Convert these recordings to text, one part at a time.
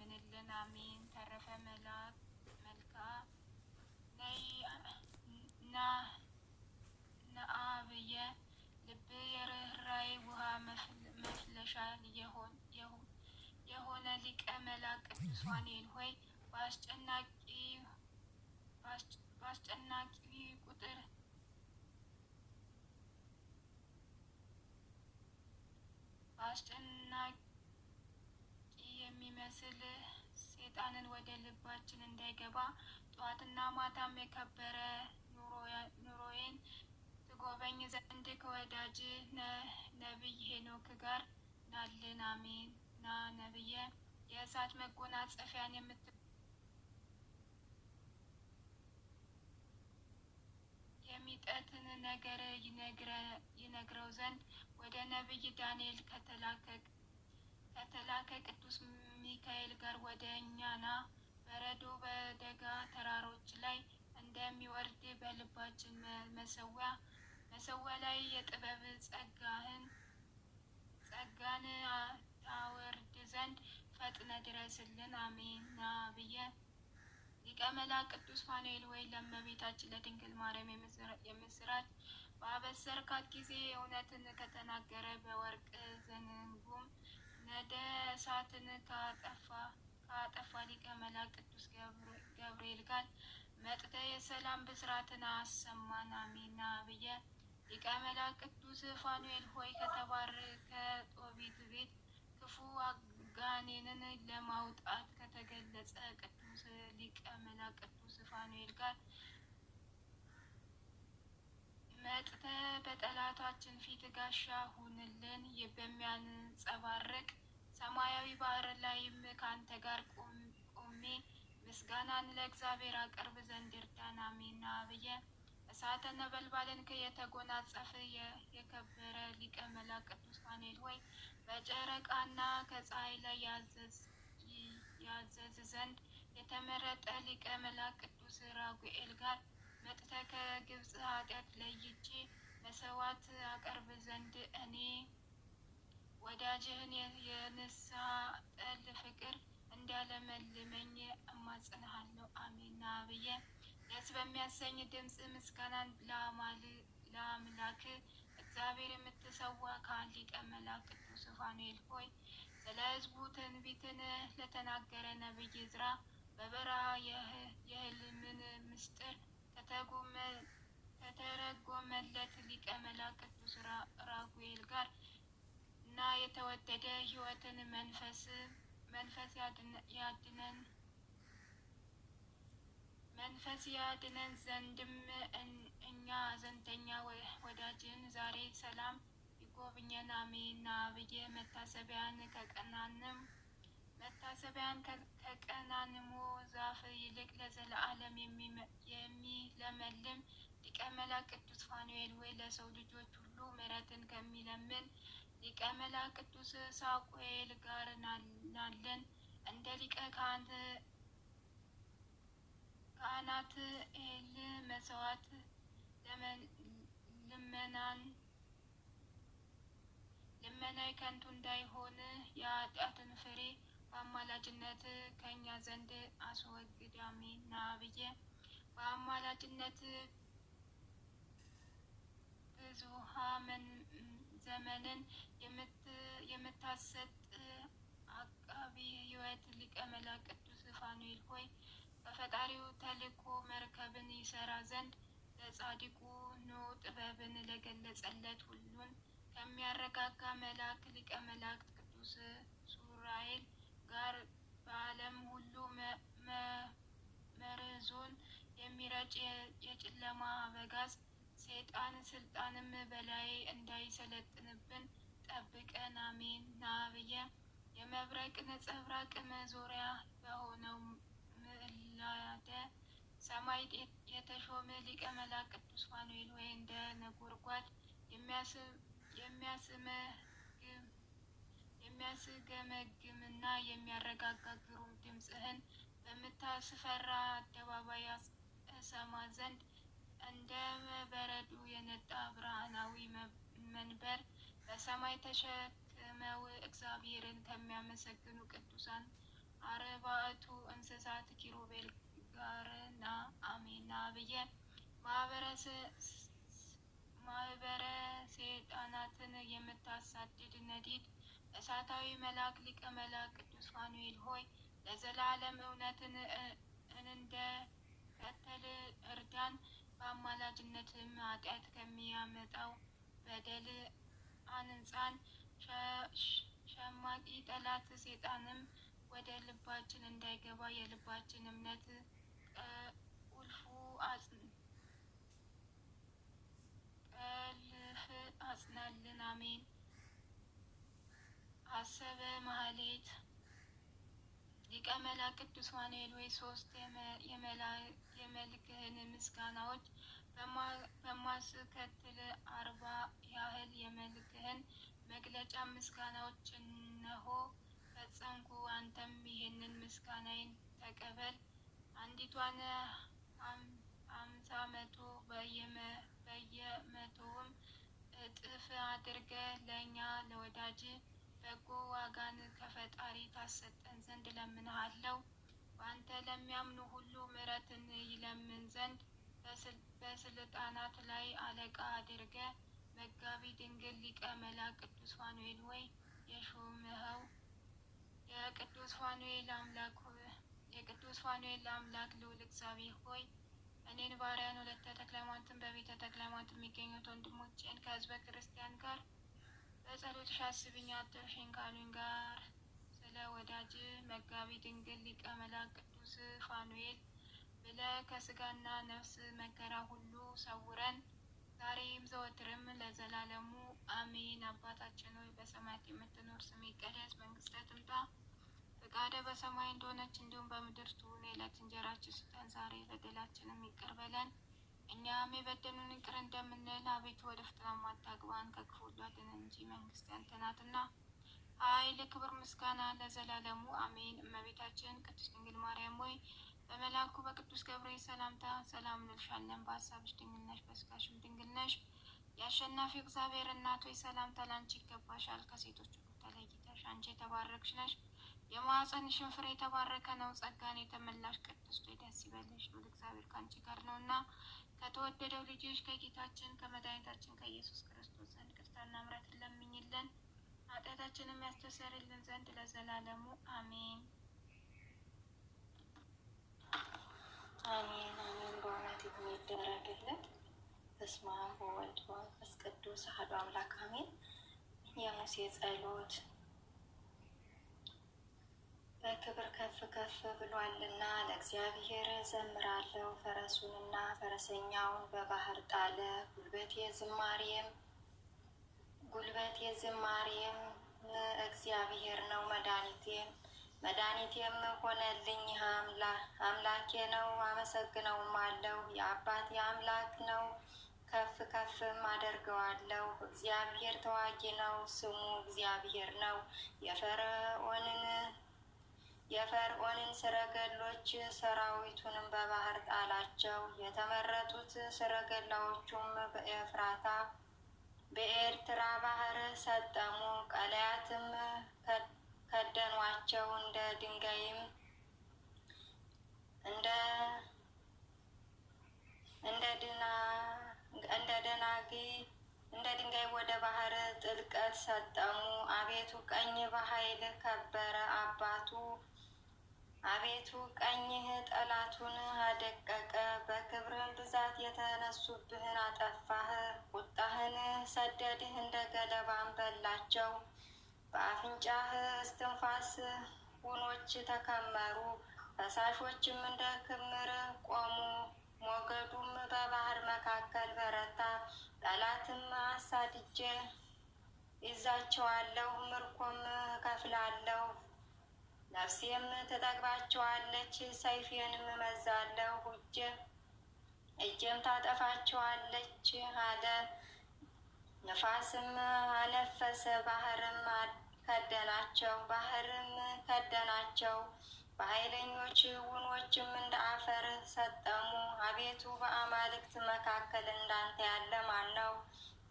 ለምንልን። አሜን። ተረፈ መላክ መልካ ነአብየ ልብ የርኅራይ ውሃ መፍለሻ የሆነ ሊቀ መላክ ቅዱስ ዋኔል ሆይ በአስጨናቂ ቁጥር በአስጨናቂ የሚመስል ሴጣንን ወደ ልባችን እንዳይገባ ጠዋትና ማታም የከበረ ኑሮዬን ትጎበኝ ዘንድ ከወዳጅ ነቢይ ሄኖክ ጋር ናልን። አሜን። ና ነብዬ የእሳት መጎናጸፊያን የምት የሚጠትን ነገር ይነግረው ዘንድ ወደ ነቢይ ዳንኤል ከተላከ ቅዱስ ሚካኤል ጋር ወደ እኛ ና። በረዶ በደጋ ተራሮች ላይ እንደሚወርድ በልባችን መሰዊያ መሰዊያ ላይ የጥበብ ጸጋህን ጸጋን ታወርድ ዘንድ ፈጥነ ድረስልን። አሜን ብዬ ሊቀ መላእክት ቅዱስ ፋኑኤል ወይ ለመቤታችን ለድንግል ማርያም የምስራች በአበሰርካት ጊዜ እውነትን ከተናገረ በወርቅ ዘንጉም ነገ እሳትን ከአጠፋ ሊቀ መላእክት ቅዱስ ገብርኤል ጋር መጥተ የሰላም ብስራትን አሰማን አሜን ብዬ ሊቀ መላእክት ቅዱስ ፋኑኤል ሆይ ከተባረከ ጦቢት ቤት ክፉ አጋኔንን ለማውጣት ከተገለጸ ቅዱስ ሊቀ መላእክት ቅዱስ ፋኑኤል ጋር መጥተ በጠላታችን ፊት ጋሻ ሁንልን። በሚያንጸባርቅ ሰማያዊ ባህር ላይም ከአንተ ጋር ቆሜ ምስጋናን ለእግዚአብሔር አቅርብ ዘንድ እርዳን። አሜን። አብየ እሳተ ነበልባልን ከየተጎናጸፈ የከበረ ሊቀ መላእክት ቅዱስ ፋኑኤል ወይ በጨረቃና ከፀሐይ ላይ ያዘዝ ዘንድ የተመረጠ ሊቀ መላእክት ቅዱስ ራጉኤል ጋር መጥተከ ከግብፅ ሀገር ለይቼ መሰዋት አቀርብ ዘንድ እኔ ወዳጅህን የንስሐ ጠል ፍቅር እንዳለመልመኝ እማጽንሃለሁ። አሜን ብዬ ደስ በሚያሰኝ ድምፅ ምስጋናን ለአምላክ እግዚአብሔር የምትሰዋ ከሊቀ መላእክት ቅዱስ ፋኑኤል ሆይ ስለ ሕዝቡ ትንቢትን ለተናገረ ነቢይ ዕዝራ በበረሃ የህልምን ምስጢር ከተረጎመለት ሊቀ መላእክት ቅዱስ ራጉኤል ጋር እና የተወደደ ህይወትን መንፈስ መንፈስ ያድነን መንፈስ ያድነን ዘንድም እኛ ዘንተኛ ወዳጅን ዛሬ ሰላም ይጎብኘን አሜና ብዬ መታሰቢያን ከቀናንም መታሰቢያን ከቀናንሞ ዛፍ ይልቅ ለዘለዓለም የሚለመልም ሊቀ መላእክት ቅዱስ ፋኑኤል ወይ ለሰው ልጆች ሁሉ ምሕረትን ከሚለምን ሊቀ መላእክት ቅዱስ ሳቁኤል ጋር ናለን። እንደ ሊቀ ካህናት ኤል መስዋዕት ልመናን ልመናይ ከንቱ እንዳይሆን የኃጢአትን ፍሬ በአማላጅነት ከእኛ ዘንድ አስወግድ ና ናብዬ በአማላጅነት ብዙሃን ዘመንን የምታሰጥ አቃቢ ሕይወት ሊቀ መላእክት ቅዱስ ፋኑኤል ሆይ በፈጣሪው ተልእኮ መርከብን ይሰራ ዘንድ ለጻድቁ ኖ ጥበብን ለገለጸለት ሁሉን ከሚያረጋጋ መልአክ ሊቀ መላእክት ቅዱስ ሱራኤል ጋር በዓለም ሁሉ መርዙን የሚረጭ የጨለማ አበጋዝ ሴጣን ስልጣንም በላይ እንዳይሰለጥንብን ጠብቀን፣ አሜን። ናብየ የመብረቅ ነጸብራቅ መዞሪያ በሆነው ምዕላደ ሰማይ የተሾመ ሊቀ መላእክት ቅዱስ ፋኑኤል ወይ እንደ ነጎድጓድ የሚያስመ የሚያስገመግምና የሚያረጋጋ ግሩም ድምፅህን በምታስፈራ አደባባይ እሰማ ዘንድ እንደ መበረዱ የነጣ ብርሃናዊ መንበር በሰማይ ተሸክመው እግዚአብሔርን ከሚያመሰግኑ ቅዱሳን አርባዕቱ እንስሳት ኪሩቤል ጋርና አሜና ብዬ ማህበረ ሰይጣናትን የምታሳድድ ነዲድ እሳታዊ መልአክ ሊቀ መልአክ ቅዱስ ፋኑኤል ሆይ ለዘላለም እውነትን እንደ ከተል እርዳን። በአማላጅነትም ኃጢአት ከሚያመጣው በደል አንጻን። ሸማቂ ጠላት ሴጣንም ወደ ልባችን እንዳይገባ የልባችን እምነት ቁልፉ አጽናልን። አሜን። አሰበ ማህሌት ሊቀ መላእክት ቅዱስ ዋኔል ወይ ሶስት የመልክህን ምስጋናዎች በማስከትል አርባ ያህል የመልክህን መግለጫ ምስጋናዎች እነሆ ፈጸምኩ። አንተም ይህንን ምስጋናዬን ተቀበል። አንዲቷን አምሳ መቶ በየመቶውም እጥፍ አድርገ ለእኛ ለወዳጅ በጎ ዋጋን ከፈጣሪ ታሰጠን ዘንድ ለምንሃለው። በአንተ ለሚያምኑ ሁሉ ምረትን ይለምን ዘንድ በስልጣናት ላይ አለቃ አድርገ መጋቢ ድንግል ሊቀ መላ ቅዱስ ፋኑኤል ወይ የሾምኸው የቅዱስ ፋኑኤል አምላክ የቅዱስ ፋኑኤል አምላክ ልዑል እግዚአብሔር ሆይ እኔን ባሪያን ሁለተ ተክለ በቤተ ተክለ የሚገኙት ወንድሞቼን ከህዝበ ክርስቲያን ጋር በጸሎትሽ አስቢኝ አደርሽኝ ካሉኝ ጋር ስለ ወዳጅ መጋቢ ድንግል ሊቀ መላእክት ቅዱስ ፋኑኤል ብለ ከስጋና ነፍስ መከራ ሁሉ ሰውረን ዛሬም ዘወትርም ለዘላለሙ አሜን። አባታችን ሆይ በሰማያት የምትኖር ስም ይቀደስ፣ መንግስተ ትምጣ፣ ፈቃደ በሰማይ እንደሆነች እንዲሁም በምድር ትሁን። የዕለት እንጀራችን ስጠን ዛሬ፣ በደላችንም ይቅር በለን እኛም የበደሉን ይቅር እንደምንል አቤቱ ወደ ፈተናም አታግባን ከክፉ ሁሉ አድነን እንጂ መንግስት ያንተ ናትና ኃይል፣ ክብር፣ ምስጋና ለዘላለሙ አሜን። እመቤታችን ቅድስት ድንግል ማርያም ሆይ በመላኩ በቅዱስ ገብርኤል ሰላምታ ሰላም እንልሻለን። በሀሳብሽ ድንግል ነሽ፣ በስጋሽም ድንግል ነሽ። የአሸናፊ እግዚአብሔር እናት ሆይ ሰላምታ ላንቺ ይገባሻል። ከሴቶች ሁሉ ተለይተሽ አንቺ የተባረክሽ ነሽ። የማኅፀንሽን ፍሬ የተባረከ ነው። ጸጋን የተመላሽ ቅድስት ሆይ ደስ ይበልሽ፣ እግዚአብሔር ከአንቺ ጋር ነውና ከተወደደው ልጆች ከጌታችን ከመድኃኒታችን ከኢየሱስ ክርስቶስ ዘንድ ቅርታና ምሕረት ለምኝልን ኃጢአታችንም ያስተሰርልን ዘንድ ለዘላለሙ አሜን። አሜን አሜን። በእውነት የሚደረግልን በስመ አብ ወወልድ ወመንፈስ ቅዱስ አሐዱ አምላክ አሜን። የሙሴ ጸሎት በክብር ከፍ ከፍ ብሏልና ለእግዚአብሔር ዘምራለሁ። ፈረሱንና ፈረሰኛውን በባህር ጣለ። ጉልበት የዝማሬም ጉልበት የዝማሬም እግዚአብሔር ነው። መድኃኒቴም መድኃኒቴም ሆነልኝ። አምላኬ ነው፣ አመሰግነውም አለው። የአባት የአምላክ ነው፣ ከፍ ከፍም አደርገዋለሁ። እግዚአብሔር ተዋጊ ነው፣ ስሙ እግዚአብሔር ነው። የፈርዖንን የፈርዖንን ሰረገሎች ሰራዊቱንም በባህር ጣላቸው። የተመረጡት ሰረገላዎቹም በኤፍራታ በኤርትራ ባህር ሰጠሙ። ቀለያትም ከደኗቸው፣ እንደ ድንጋይም እንደ ደናጊ እንደ ድንጋይ ወደ ባህር ጥልቀት ሰጠሙ። አቤቱ ቀኝ በኃይል ከበረ አባቱ አቤቱ ቀኝህ ጠላቱን አደቀቀ፣ በክብርህ ብዛት የተነሱብህን አጠፋህ። ቁጣህን ሰደድህ፣ እንደ ገለባን በላቸው። በአፍንጫህ እስትንፋስ ውኖች ተከመሩ፣ ፈሳሾችም እንደ ክምር ቆሙ። ሞገዱም በባህር መካከል በረታ። ጠላትም አሳድጄ ይዛቸዋለሁ፣ ምርኮም እከፍላለሁ። ነፍሴም ትጠግባቸዋለች፣ ሰይፌንም እመዛለሁ፣ እጄም ታጠፋቸዋለች አለ። ንፋስም አነፈሰ፣ ባህርም ከደናቸው፣ ባህርም ከደናቸው፣ በኃይለኞች ውኖችም እንደ አፈር ሰጠሙ። አቤቱ በአማልክት መካከል እንዳንተ ያለ ማን ነው?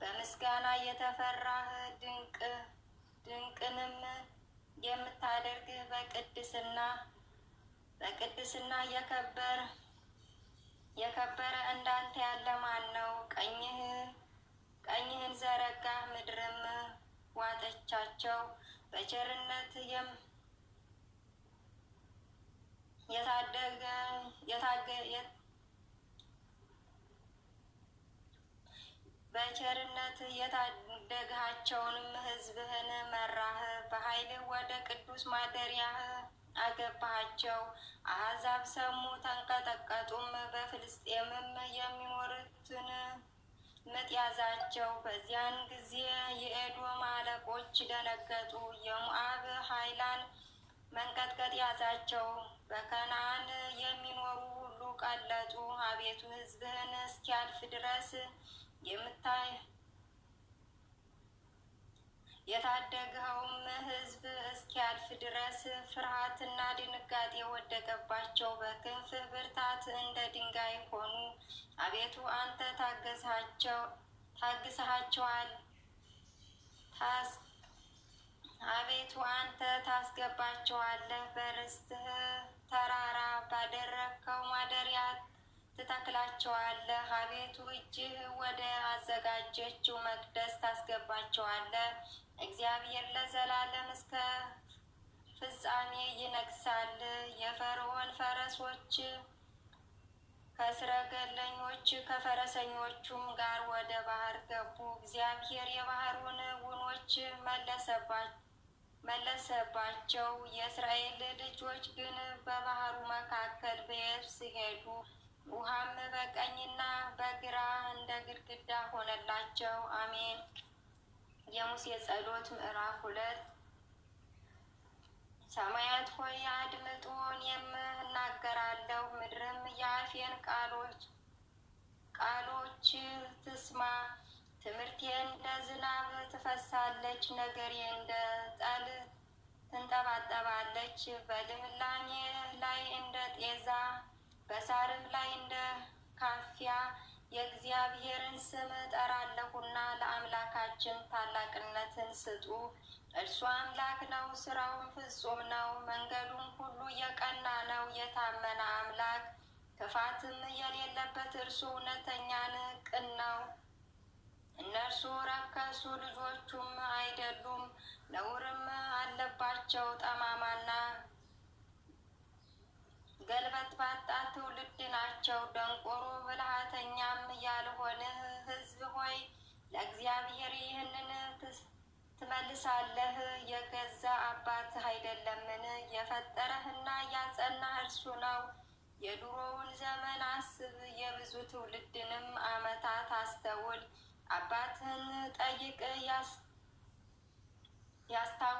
በምስጋና የተፈራህ ድንቅንም በቅድስና በቅድስና የከበር የከበረ እንዳንተ ያለ ማን ነው? ቀኝህ ቀኝህን ዘረጋ ምድርም ዋጠቻቸው። በቸርነት የታደገ በቸርነት የታደግሃቸውንም ህዝብህን መራህ፣ በኃይልህ ወደ ቅዱስ ማደሪያህ አገባሃቸው። አሕዛብ ሰሙ ተንቀጠቀጡም፣ በፍልስጤምም የሚኖሩትን ምጥ ያዛቸው። በዚያን ጊዜ የኤዶም አለቆች ደነገጡ፣ የሙአብ ኃይላን መንቀጥቀጥ ያዛቸው። በከነአን የሚኖሩ ሁሉ ቀለጡ። አቤቱ ህዝብህን እስኪያልፍ ድረስ የምታይ የታደግኸውም ሕዝብ እስኪያልፍ ድረስ ፍርሃትና ድንጋጤ ወደቀባቸው፣ በክንፍህ ብርታት እንደ ድንጋይ ሆኑ። አቤቱ አንተ ታግስሃቸዋል። አቤቱ አንተ ታስገባቸዋለህ። በርስትህ ተራራ ባደረግከው ማደሪያ ትተክላቸዋለህ። አቤቱ እጅህ ወደ አዘጋጀችው መቅደስ ታስገባቸዋለህ። እግዚአብሔር ለዘላለም እስከ ፍጻሜ ይነግሳል። የፈርዖን ፈረሶች ከስረገለኞች ከፈረሰኞቹም ጋር ወደ ባህር ገቡ። እግዚአብሔር የባህሩን ውኖች መለሰባቸው። የእስራኤል ልጆች ግን በባህሩ መካከል በየብስ ሄዱ። ውሃም በቀኝና በግራ እንደ ግድግዳ ሆነላቸው። አሜን። የሙሴ ጸሎት ምዕራፍ ሁለት ሰማያት ሆይ አድምጦን የምናገራለሁ ምድርም የአፌን ቃሎች ቃሎች ትስማ። ትምህርቴ እንደ ዝናብ ትፈሳለች፣ ነገሬ እንደ ጠል ትንጠባጠባለች፣ በልምላሜ ላይ እንደ ጤዛ በሳርም ላይ እንደ ካፊያ የእግዚአብሔርን ስም እጠራለሁና ለአምላካችን ታላቅነትን ስጡ። እርሱ አምላክ ነው፣ ስራውን ፍጹም ነው፣ መንገዱን ሁሉ የቀና ነው። የታመነ አምላክ ክፋትም የሌለበት እርሱ እውነተኛን ቅን ነው። እነርሱ ረከሱ፣ ልጆቹም አይደሉም፣ ነውርም አለባቸው ጠማማና ገልበት ባጣ ትውልድ ናቸው። ደንቆሮ ብልሃተኛም ያልሆንህ ሕዝብ ሆይ ለእግዚአብሔር ይህንን ትመልሳለህ። የገዛ አባት አይደለምን? የፈጠረህና ያጸናህ እርሱ ነው። የድሮውን ዘመን አስብ፣ የብዙ ትውልድንም ዓመታት አስተውል። አባትህን ጠይቅ ያስታው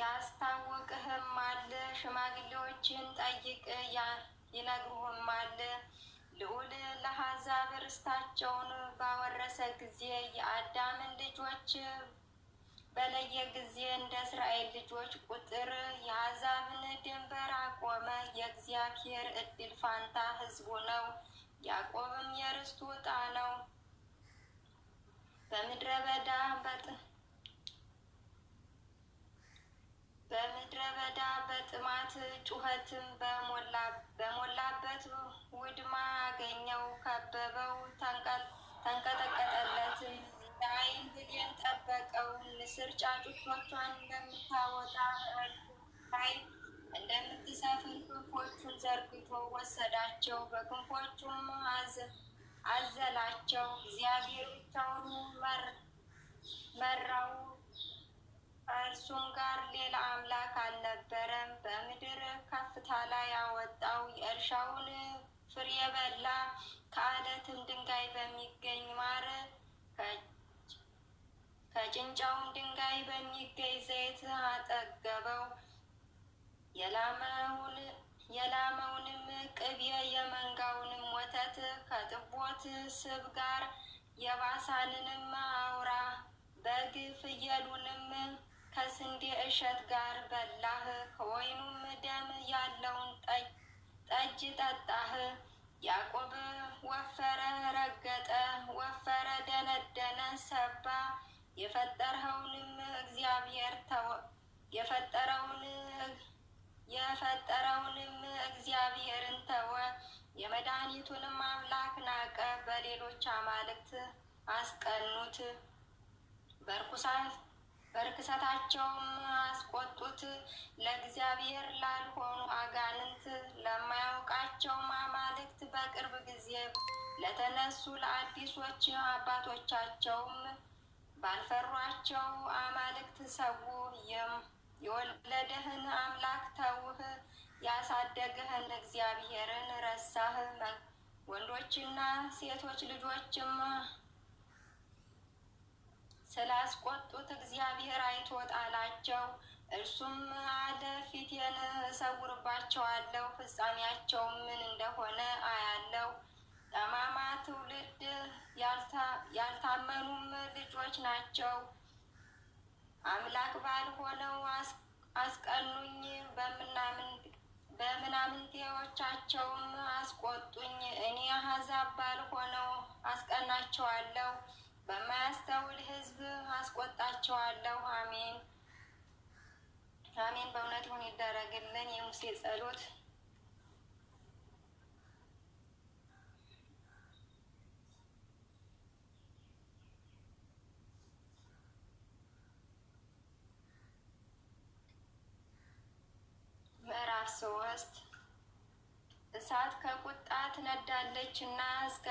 ያስታወቅህም አለ! ሽማግሌዎችን ጠይቅ ይነግሩህም አለ! ልዑል ለአሕዛብ ርስታቸውን ባወረሰ ጊዜ የአዳምን ልጆች በለየ ጊዜ እንደ እስራኤል ልጆች ቁጥር የአሕዛብን ድንበር አቆመ። የእግዚአብሔር እድል ፋንታ ሕዝቡ ነው፣ ያዕቆብም የርስቱ ዕጣ ነው። በምድረ በዳ በዳ በጥማት ጩኸትም በሞላበት ውድማ አገኘው፣ ከበበው፣ ተንቀጠቀጠለትም እንደ ብሌን ጠበቀው። ንስር ጫጩቶቿን እንደምታወጣ ላይ እንደምትሰፍን ክንፎቹን ዘርግቶ ወሰዳቸው፣ በክንፎቹም አዘላቸው። እግዚአብሔር ብቻውን ከእርሱም ጋር ሌላ አምላክ አልነበረም። በምድር ከፍታ ላይ አወጣው። የእርሻውን ፍሬ የበላ ከአለትም ድንጋይ በሚገኝ ማር ከጭንጫውም ድንጋይ በሚገኝ ዘይት አጠገበው። የላመውንም ቅቤ የመንጋውንም ወተት ከጥቦት ስብ ጋር የባሳንንም አውራ በግ ፍየሉን ከስንዴ እሸት ጋር በላህ፣ ከወይኑም ደም ያለውን ጠጅ ጠጣህ። ያዕቆብ ወፈረ፣ ረገጠ፣ ወፈረ፣ ደነደነ፣ ሰባ። የፈጠረውንም እግዚአብሔር የፈጠረውንም እግዚአብሔርን ተወ፣ የመድኃኒቱንም አምላክ ናቀ፣ በሌሎች አማልክት አስቀኑት በርኩሳት በርክሰታቸውም አስቆጡት። ለእግዚአብሔር ላልሆኑ አጋንንት ለማያውቃቸው አማልክት በቅርብ ጊዜ ለተነሱ ለአዲሶች አባቶቻቸውም ባልፈሯቸው አማልክት ሰው የወለደህን አምላክ ተውህ፣ ያሳደገህን እግዚአብሔርን ረሳህ። ወንዶችና ሴቶች ልጆችም ስላስቆጡት እግዚአብሔር አይቶ ጣላቸው። እርሱም አለ ፊቴን እሰውርባቸዋለሁ፣ ፍጻሜያቸው ምን እንደሆነ አያለው። ጠማማ ትውልድ ያልታመኑም ልጆች ናቸው። አምላክ ባልሆነው አስቀኑኝ፣ በምናምንቴዎቻቸውም አስቆጡኝ። እኔ አሕዛብ ባልሆነው አስቀናቸዋለሁ። በማያስተውል ህዝብ አስቆጣቸዋለሁ። አሜን አሜን። በእውነት ሁን ይደረግልን። የሙሴ ጸሎት ምዕራፍ ሶስት እሳት ከቁጣ ትነዳለች እና እስከ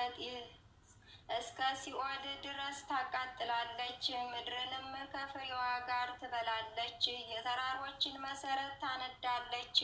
እስከ ሲኦል ድረስ ታቃጥላለች፣ ምድርንም ከፍሬዋ ጋር ትበላለች። የተራሮችን መሰረት ታነዳለች።